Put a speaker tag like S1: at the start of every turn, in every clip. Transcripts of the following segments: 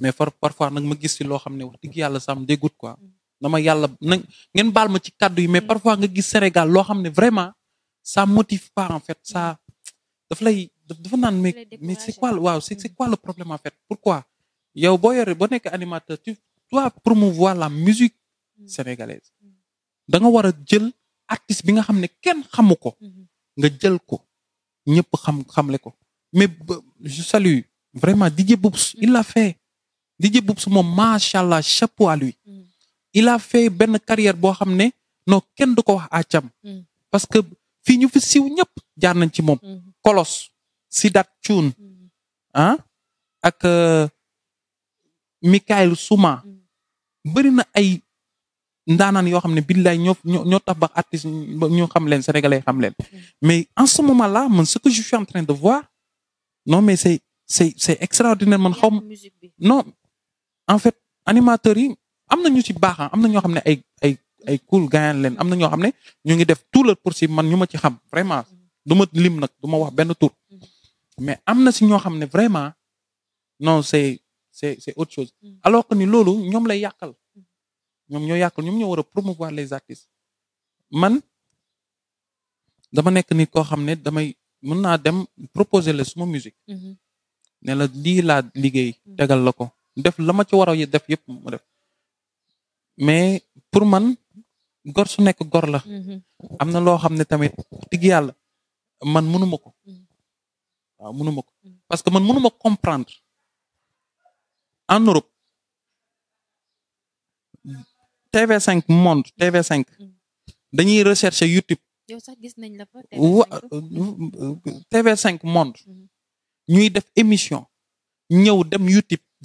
S1: mais far parfois nak ma gis ci lo xamné wax dëgg yalla sam dégout quoi dama yalla nag ngeen baal ma ci cadeau yi mais mm. parfois nga gis Sénégal lo xamné ne vraiment ça motive pas en fait ça mm. daf lay dafa naan mais mais c'est quoi waaw c'est c'est mm. quoi le problème en fait pourquoi yow boo yoré bo nek animateur tu dois promouvoir la musique sénégalaise da nga wara jël artiste bi nga xamné ken kenn xamu mm-hmm. nga jël ko ñepp xam xamlé ko mais je salue vraiment DJ Boubs il l'a fait DJ Boubs moom chapeau à lui. Mm. il a fait ben carrière bo xamné ne non kenn du ko wax àccam. Mm. parce que fii ñu fi siw ñep jaar nañ ci moom. Colosse, mm. Sidat Thioune ah ak euh, Michael Souma Bari na ay ndanan yo xamné ne billaay ñoo ñoo ba artiste ñu xam leen sénégalais xam leen mais en ce moment là man ce que je suis en train de voir non mais c'est c'est c'est extraordinaire man xaw non en fait animateurs yi am na ñu ci baax am na ñoo xam ne ay ay ay cool gaañaan leen am na ñoo xam ne ñu ngi def tout pour possible man ñu ma ci xam vraiment du ma lim nag du ma wax benn tur mais am na si ñoo xam ne vraiment non c'est c'est c'est autre chose alors ni loolu ñoom lay yàqal ñoom ñoo yàqal ñoom ñoo war a promouvoir les artistes man dama nekk nit koo xam ne damay mën naa dem proposer la suma musique mhm. ne la lii laa liggéey tegal la ko def la ma ci war a def yëpp mu def mais pour man gor su nekk gor la. Mhm. am na loo xam ne tamit digg yàlla man mënuma ko mhm. waaw mënuma ko parce que man mënuma comprendre en Europe tv cinq Monde tv cinq mhm. dañuy rechercher YouTube. gis nañ la fa TV5 Monde euh, ñuy def émission ñëw dem YouTube.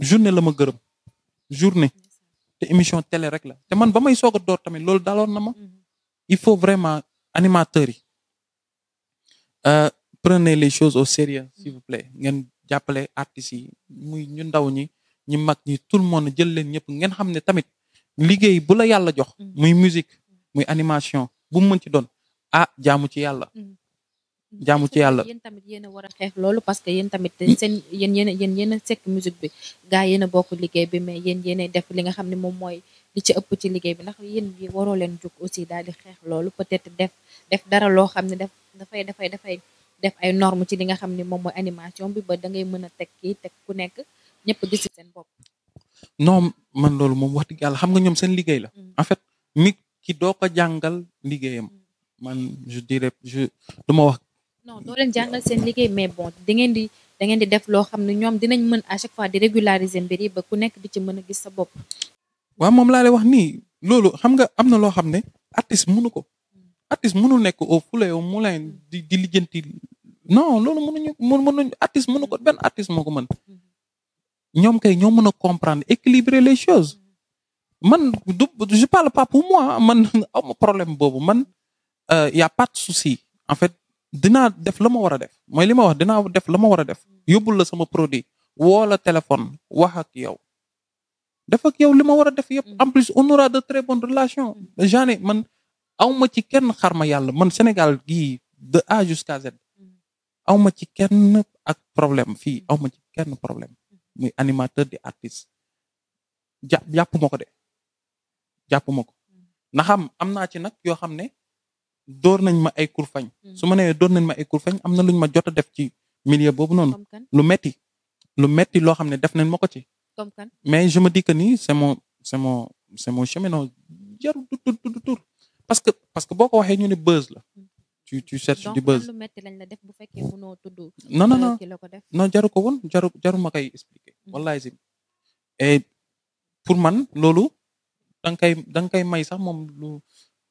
S1: journée la ma journée té émission télé rek la té man bamay may door tamit loolu dalon na ma mhm. il faut vraiment animateur yi euh, prenez les choses au sérieux mhm. s'il vous plaît ngeen jappelé artiste yi muy ñu ndaw ñi ñi mag ñi tout le monde jël leen ñëpp ngeen xamné tamit liggéey bu la yàlla jox mhm. muy musique muy animation bu mu mën ci doon ah jaamu ci yàlla jaamu ci yàlla yéen
S2: tamit yéen a war a xeex loolu parce que yéen tamit seen yéen yéen yéen yéen sekk musique bi gaa yéen a bokk liggéey bi mais yéen yéen def li nga xam ne moom mooy li ci ëpp ci liggéey bi ndax yéen yi waroo leen jóg aussi daal di xeex loolu peut-être def def dara loo xam ne def dafay dafay dafay def ay norme ci li nga xam ni moom mooy animation bi ba da mën a teg kii teg ku nekk ñëpp gis ci seen bopp
S1: non man loolu moom wax dëgg yàlla xam nga ñoom seen liggéey la mm. en fait nit ki doo ko jàngal liggéeyam mm. man je dirais wax
S2: non do len jangal sen liguey mais bon da ngeen di da ngeen di def lo xamni ñom dinañ mën à chaque fois di régulariser mbiri ba ku nekk di ci mëna gis sa bop
S1: wa mom la lay wax ni lolu xam nga amna lo xamne xam artiste mënu ko artiste mënu nekk au foulé au moulin di di lijeenti non lolu mënu ñu mënu artiste mënu ko ben artiste moko mën. ñom kay ñom mëna comprendre équilibrer les choses man du je parle pas pour moi man am problème bobu man il euh, y a pas de souci en fait. dinaa def la ma war a def mooy li ma wax dinaa def la ma war a def yóbbul la sama produit woo la téléphone wax ak yow def ak yow li ma war a def yëpp en plus on de très bonnes relations genre man awma ci kenn xarma yàlla man Sénégal gii de A jusqu'à Z awma ci kenn ak problème fii awma ci kenn problème muy animateur di artiste jàpp jàpp ko de jàpp ma ko na xam am naa ci nag yoo xam ne door nañ ma ay kurfañ hmm. su ma nee door nañ ma ay kurfañ amna na luñ ma jotta def ci milieu bobu non kan? lu metti lu metti lo xam def nañ ma ci kan? mais je me dis que ni c'est mon c'est mon c'est mon chemin non jarul du tur du tur parce que parce que boko ko ñu ni buzz la tu tu cherches du buzz
S2: non non non non
S1: jaru ko won jaru jaru ma koy expliquer hmm. wallahi zim et pour man lolu dang kay dang kay may sax mom lu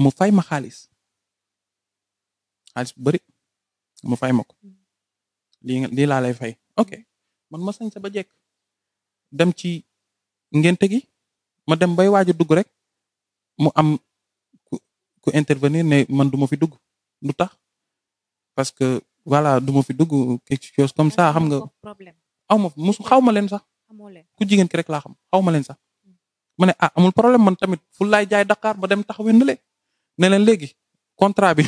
S1: mu fay ma xaalis xaalis bu bëri mu fay ma ko lii lii laa lay fay ok man ma sañ sa ba jekk dem ci ngénte gi ma dem bay waaj a dugg rek mu am ku intervenir ne man du fi dugg lu tax parce que voilà du fi dugg quelque chose comme ça xam nga aw ma musu xaw ma leen sax ku jigéen ki rek laa xam xaw ma leen sax mm. ma ne ah problème man tamit fu laay jaay Dakar ba dem taxawendale ne legi léegi contrat bi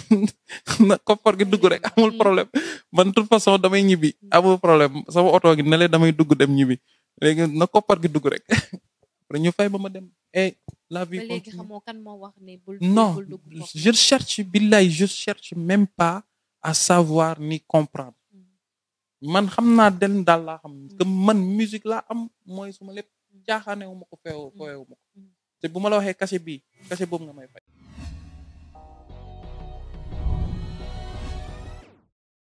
S1: for gi dugg rek amul hmm. problème man toute façon damay ñibi amul problème sama auto gi ne leen damay dugg dem ñibi léegi na for gi dugg rek ñu fay ba ma dem et eh, la vie
S2: continue kan non
S1: je cherche billahi je cherche même pas à savoir ni comprendre hmm. man xamna del dal la xam hmm. que man musique la am moy suma lepp jaxane wu mako fewu fewu mako te buma la waxee bi bii cachet nga may fay